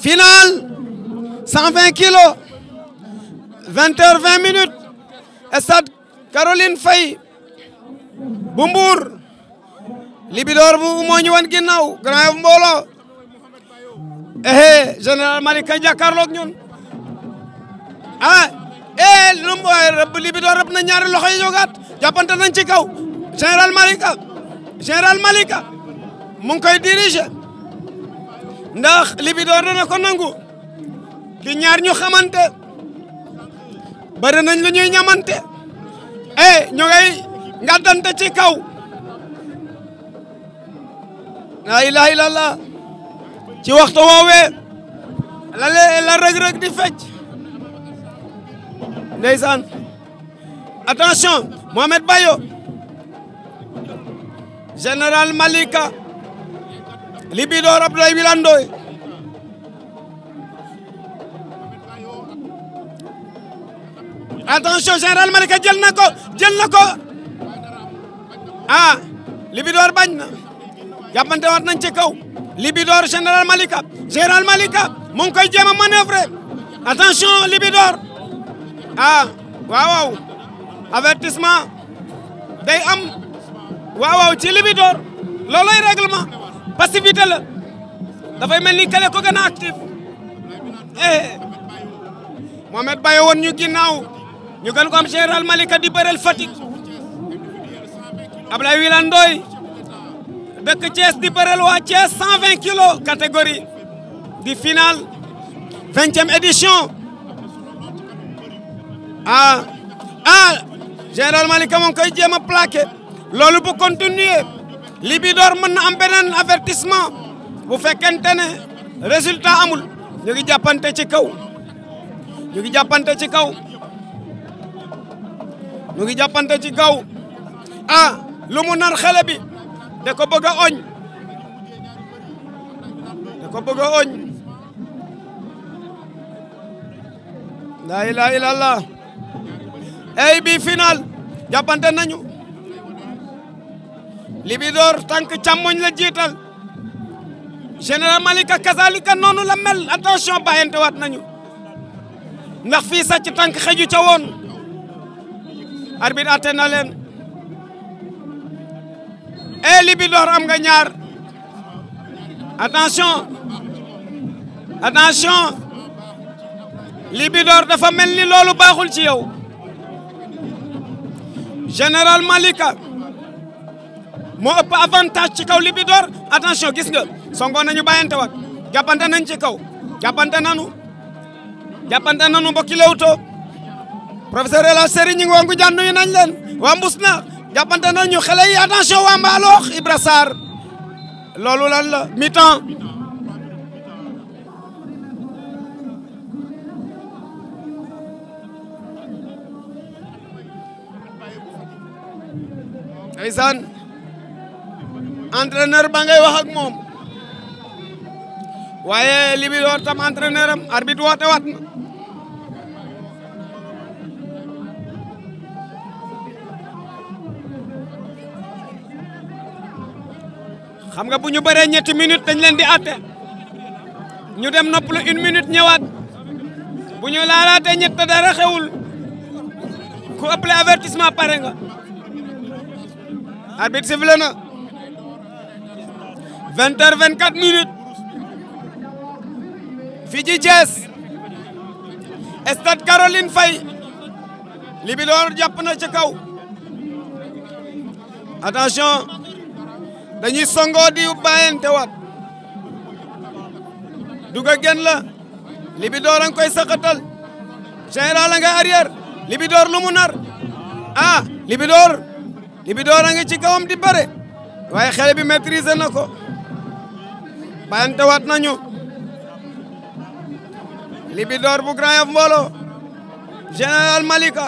final 120 kilos 20 heures 20 minutes stade Caroline Faye bu Mbour bu moo ñu wan ginnaaw Grand Yoff mbooloo ehe général Malika jàkkaarloog ñun ah eh lu mu eh, rëbb Libidor rëbb na ñaari loxo yi jógaat jàppante nañ ci kaw général Malika général Malika mu ngi ndax Libidor dana ko nangu di ñaar ñu xamante bëri nañ lu ñuy ñamante e ñu ngay ngàddante ci kaw la ilaha illallah ci waxtu woowee la la rëg-rëg di fecc ndeysaan attention Mohamed Bayo général Malika Libidor Abdoulaye Wilane Ndoye attention général Malika jël na ko jël na ko ah Libidor bañ na jàppante waat nañ ci kaw Libidor général Malika général Malika mu koy jéem a manœuvrer attention Libidor ah waaw waaw day am waaw ci Libidor looloy règlement passivité la dafay mel ni kale ko gën a actif eh Mohamed Baye ñu ginnaaw ñu gën ko am Malika di bëreel Fatick Ablaye Wilane Ndoye dëkk Thiès di bëreel waa Thiès 120 kilos di finale vingtième édition ah ah général Malika moom koy jéem a plaqué loolu bu continuer Libidor mën na am beneen avertissement bu fekkente ne résultat amul ñu ngi jàppante ci kaw ñu ngi jàppante ci kaw ñu ngi jàppante ci kaw lu mu nar xale bi da ko bëgg oñ da ko bëgg oñ laa ilaaha illallaah ay bi final jàppante nañu Libidor tànk càmmoñ la jiital général Malika kazalika noonu la mel attention bàyyante waat nañu ndax fii sàcc tànk xeju ca woon arbitre atte na leen eh Libidor am nga ñaar attention attention Libidor dafa mel ni loolu baaxul ci yow général Malika moo ëpp avantage ci kaw Libidor attention gis nga songoon nañu bàyyante waat jàppante nañ ci kaw jàppante nanu jàppante nanu mbokki Leewtoo professeur El Hadj Serigne ñu ngi yi nañ leen waa na jàppante nañu xale yi attention waa mbaaloox Ibra Sarr lan la mi-temps entraîneur ba ngay wax ak moom waaye li bi tam entraîneur am arbitre woote xam nga bu ñu bëree ñetti minutes dañ leen di atte ñu dem noppalu une minute ñëwaat bu ñu laalaatee ñett dara xewul ku ëppale avertissement pare nga arbitre sifflé vingt heures vingt quatre minutes fii ci Thiès fay Caroline Faye jàpp na ci kaw attention dañuy songoo di bàyyante waat duga gen la Libidor koy saxatal général a nga arrière lu mu nar ah Libidor Libidor ci kawam di bare waaye xale bi maîtriser na ko bàyyante waat nañu Libidor bu Grand Yoff mbooloo Général Malika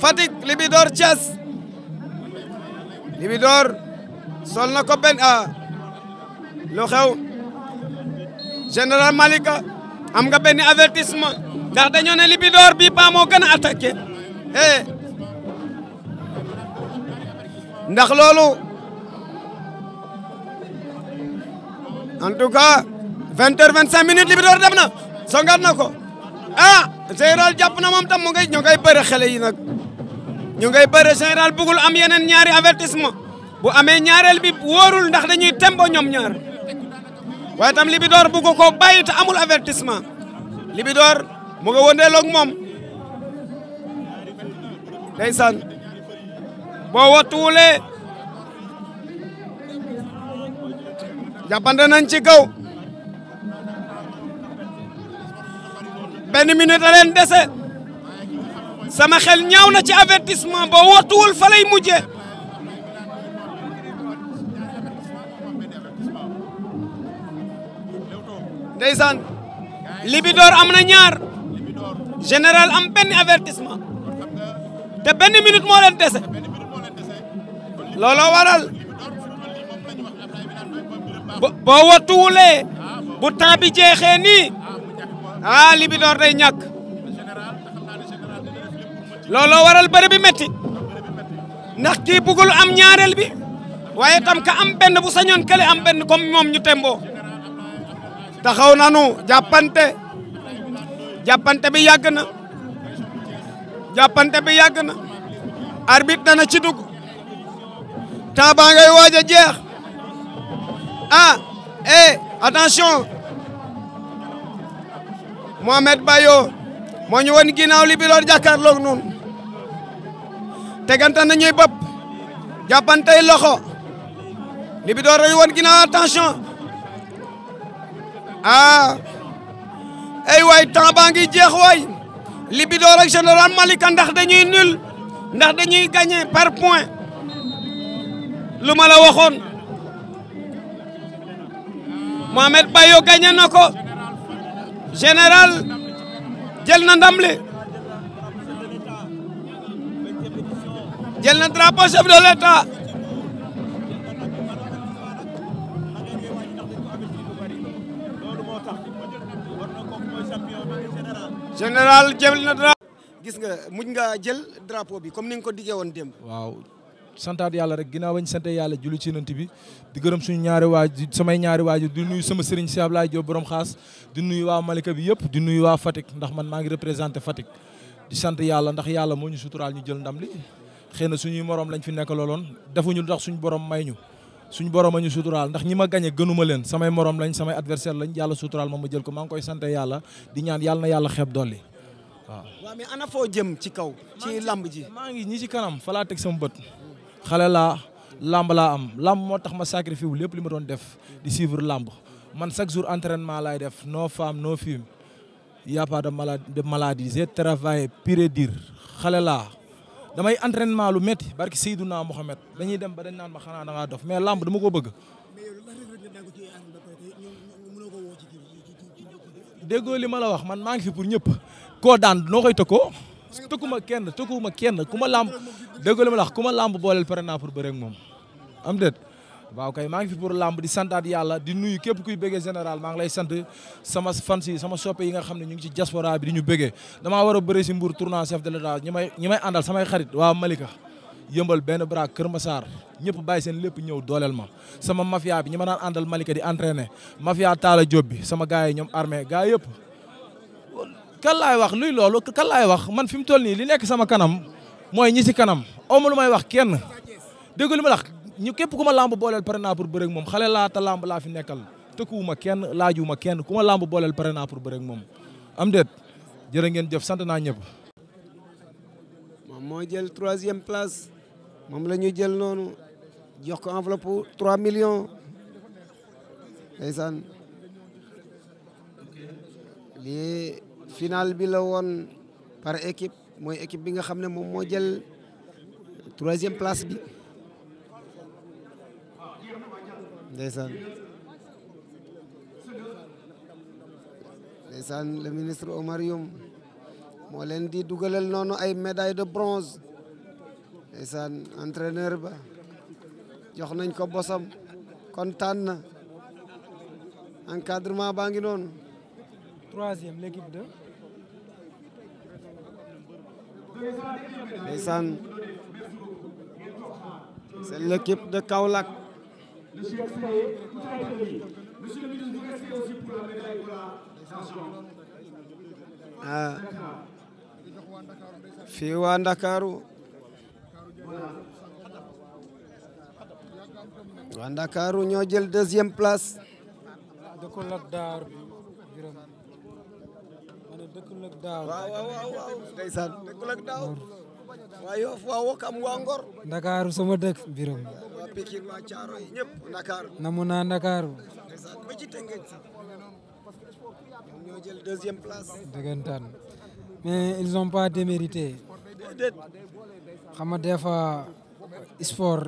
Fatick Libidor Thiès Libidor sol na ko benn a ah, lu Malika am nga benn avertissement ndax dañoo ne Libidor bi ba moo gën a attaqué eh. ndax loolu en tout cas vingt heures vingt cinq minutes Libidor dem na songaat na ko ah général jàpp na moom tam mu ngay ñu ngay bëre xale yi nag ñu ngay bëre général bugul am yeneen ñaari avertissement bu amee ñaareel bi woorul ndax dañuy tembo ñoom ñaar waaye tam Libidor bugg ko bàyyi te amul avertissement Libidor mu nga wëndeeloog moom ndeysaan boo wattuwulee jàppante nañ ci kaw benn minute a leen dese sama xel ñaaw na ci avertissement boo wootuwul fa lay mujje ndeysaan Libidor am na ñaar général am benn avertissement te benn minute moo leen dese looloo waral boo wattuwulee bu temps bi jeexee nii ah Libidor day ñàkk looloo waral bëre bi metti ndax kii bugul am ñaareel bi waaye tam ka am bu sañoon kële am benn comme moom ñu temboo taxaw nanu jàppante jàppante bi yàgg na jàppante bi yàgg na arbitre dana ci dugg temps waaj a jeex Ah Eh Attention Mohamed Bayo moo ñu woon ginnaaw li bi doon jàkkaarloog nun tegante nañuy bopp jàppantey loxo li bi doon woon ginnaaw attention ah ay waay temps baa ngi jeex waay li bi doon ak général Malika ndax dañuy nul ndax dañuy gagné par point lu ma la waxoon Mohamed Bayo gagné na ko général jël na ndam li jël na drapeau chef de l'État général jël na drapeau gis nga muñ nga jël drapeau bi comme ni nga ko dige woon démb waaw santaat yàlla rek ginnaaw bañ sante yàlla julli ci nant bi di gërëm suñu ñaari waaju samay ñaari waaju di nuyu sama sëriñ si Ablaye Diop borom xaas di nuyu waa Malika bi yëpp di nuy waa Fatick ndax man maa ngi représenté Fatick di sant yàlla ndax yàlla moo ñu suturaal ñu jël ndam li xëy na suñuy morom lañ fi nekk looloon defuñu ndax suñu borom may ñu suñu borom a ñu suturaal ndax ñi ma gañe gënuma leen samay morom lañ samay adversaire lañ yàlla suturaal moom ma jël ko maa ngi koy sant yàlla di ñaan yàlla yàlla xeeb dolli waaw. waaw ci kaw. ci lamb maa ngi ñi ci kanam fa laa teg sama bët xale la làmb laa am lamb moo tax ma sacrifice wu lépp li ma doon def di suivre làmb man chaque jour entrainement laay def noo femme no fume y a pas de maladie de maladie j'ai travaillé pire dire xale laa damay entraînement lu métti barki Seydouna Mohamed dañuy dem ba dañ naan ma xanaa da ngaa dof mais lamb dama ko bëgg. déggoo li ma la wax man maa ngi fi pour ñëpp koo daan noo koy tëkkoo. tëkkuma kenn tëkkuma kenn ku ma làmb dëgg la ma la ku ma làmb booleel pare naa pour bëre moom am déet waaw kay maa ngi fi pour làmb di santaat yàlla di nuyu képp kuy bëggee général maa ngi lay sant sama fans yi sama soppe yi nga xam ne ñu ngi ci diaspora bi di ñu bëggee damaa war a bëre si Mbour tournant chef de l'État ñi may ñi may àndal samay xarit waa Malika yëmbal benn bras Kër Massar ñëpp bàyyi seen lépp ñëw dooleel ma sama mafia bi ñi ma daan àndal Malika di entraîner mafia Talla Diop bi sama gars yi ñoom armée gars yëpp kan laay wax luy loolu kan wax man fi mu toll nii li nekk sama kanam mooy ñi si kanam awma lu may wax kenn dégg lu ma lax ñu képp ku ma làmb booleel pare naa pour bëre moom xale laa te làmb laa fi nekkal tëkkuwuma kenn laajuwuma kenn ku ma làmb booleel pare naa pour bëre moom am déet jërë ngeen jëf sant naa ñëpp moom moo jël troisième place moom la ñu jël noonu jox ko enveloppe trois millions ndeysaan san final bi la woon par équipe mooy équipe bi nga xam ne moom moo jël troisième place bi ndeysaan ndeysaan le ministre Omar moo leen di dugalal noonu ay médaille de bronze ndeysaan entraîneur ba jox nañ ko bosam kontaan na encadrement baa ngi noonu troisième l'équipe ndeysaan c'est l'équipe de Kaolack ah. Ndakaaru waa Ndakaaru ñoo jël deuxième place dëkkul ak daaw waaw waaw waaw ndeysaan dëkkul ak daaw waa Yoff waa Wokam waa Ngor Ndakaaru sama dëkk biram waa Pikine waa Thiaroye ñëpp Ndakaaru namu naa Ndakaaru ndeysaan ba ci Tëngéej sax ñoom ñoo jël deuxième place dëggantaan mais ils ont pas démérité déedéet xam nga des fois sport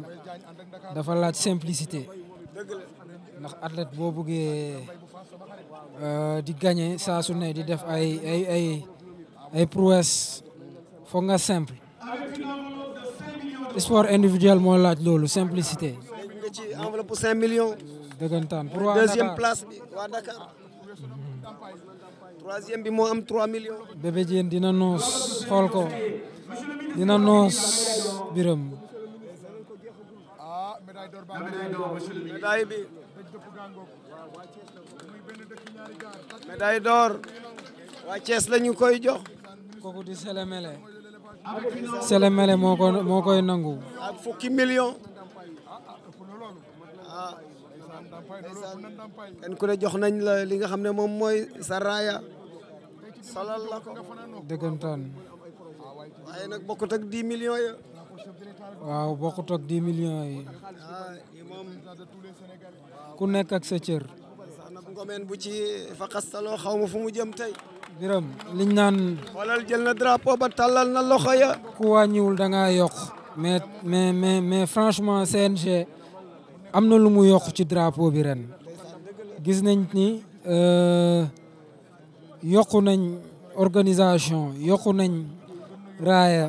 dafa laaj simplicité ndax athlète boo buggee Euh, di gañe saa su di def ay ay ay ay nga simple sport individuel moo laaj loolu simplicité. nga ci enveloppe bi moo am 3 millions. bébé dina noos xool ko dina noos biram ah, médaille d'or waa Thiès la ñu koy jox kooku di Sélémélé Sélémélé moo koy nangu ak fukki million ah kenn ku jox nañ li nga xam ne moom mooy saraya solal la ko dëggantaan waaye nag bokkut ak 10 millions ya waaw bokkut yi ah, ku nekk ak Ngomeen bu ci faxastaloo xaw ma fu mu jëm tey. biram liñ naan. xoolal jël na drapeau ba tàllal na loxo ya. ku wàññiwul da ngaa yokk. mais mais mais mais franchement CNG am na lu mu yokk ci drapeau bi ren. gis nañ ni euh, yokk nañ organisation yokku nañ raaya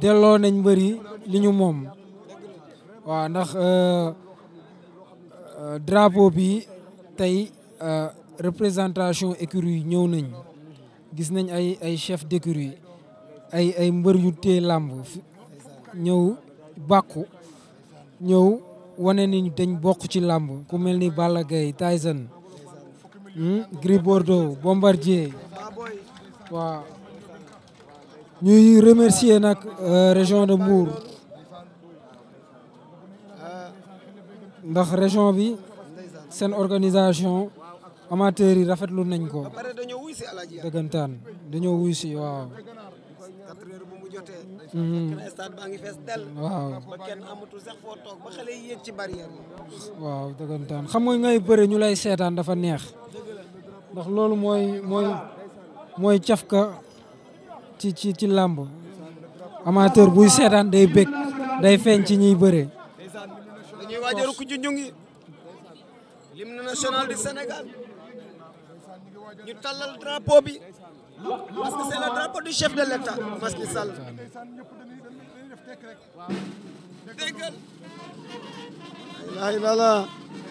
delloo nañ mbëri li ñu moom. ndax euh, euh, drapeau bi. tey euh, représentation écurie ñëw nañ gis nañ ay ay chef d'écurie ay ay mbër yu tee làmb ñëw bàkku ñëw wane ni dañ bokk ci làmb ku mel ni Balla Gaye Tyson hmm, Gris Bordeaux Bombardier waaw ñuy remercier nag euh, région de Mbour ndax région bi seen organisation amateur yi rafetlu nañ ko dëggantaan dañoo wuy si waaw mhm. waaw waaw dëggantaan xam nga ngay bëre ñu lay seetaan dafa neex ndax loolu mooy mooy cafka ci ci ci làmb amateur buy seetaan day bëgg day feeñ ci ñiy bëre l'hymne national du Sénégal ñu tàllal drapeau bi parce que c'est le drapeau du chef de l'État Macky Sall déggal la ilaha illallah